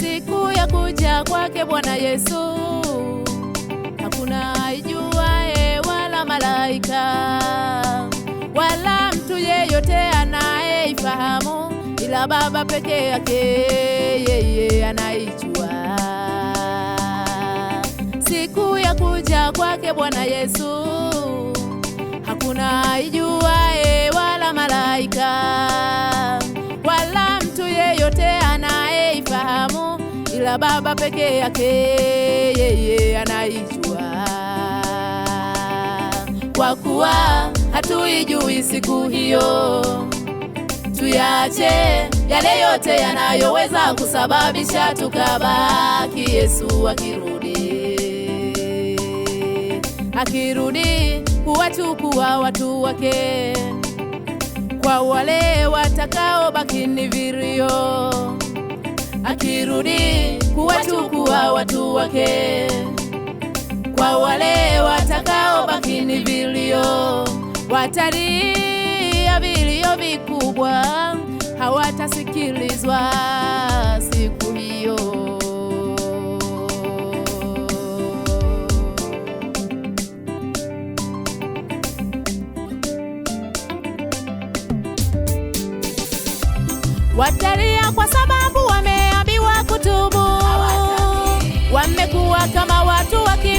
Siku ya kwake Bwana Yesu hakuna aijuae wala malaika. Baba peke yake yeye anaijua siku ya kuja kwake Bwana Yesu, hakuna ijuaye wala malaika wala mtu yeyote anayeifahamu ila Baba peke yake yeye anaijua, kwa kuwa hatuijui siku hiyo tuyache yale yote yanayoweza kusababisha tukabaki. Yesu akirudi, akirudi huwachukua watu wake. Kwa wale watakaobaki ni virio, akirudi huwachukua watu wake. Kwa wale watakaobaki ni vilio, watalia vilio vikuu nikasikilizwa siku hiyo. Watalia kwa sababu wameambiwa kutubu, wamekuwa kama watu waki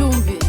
Chumbi.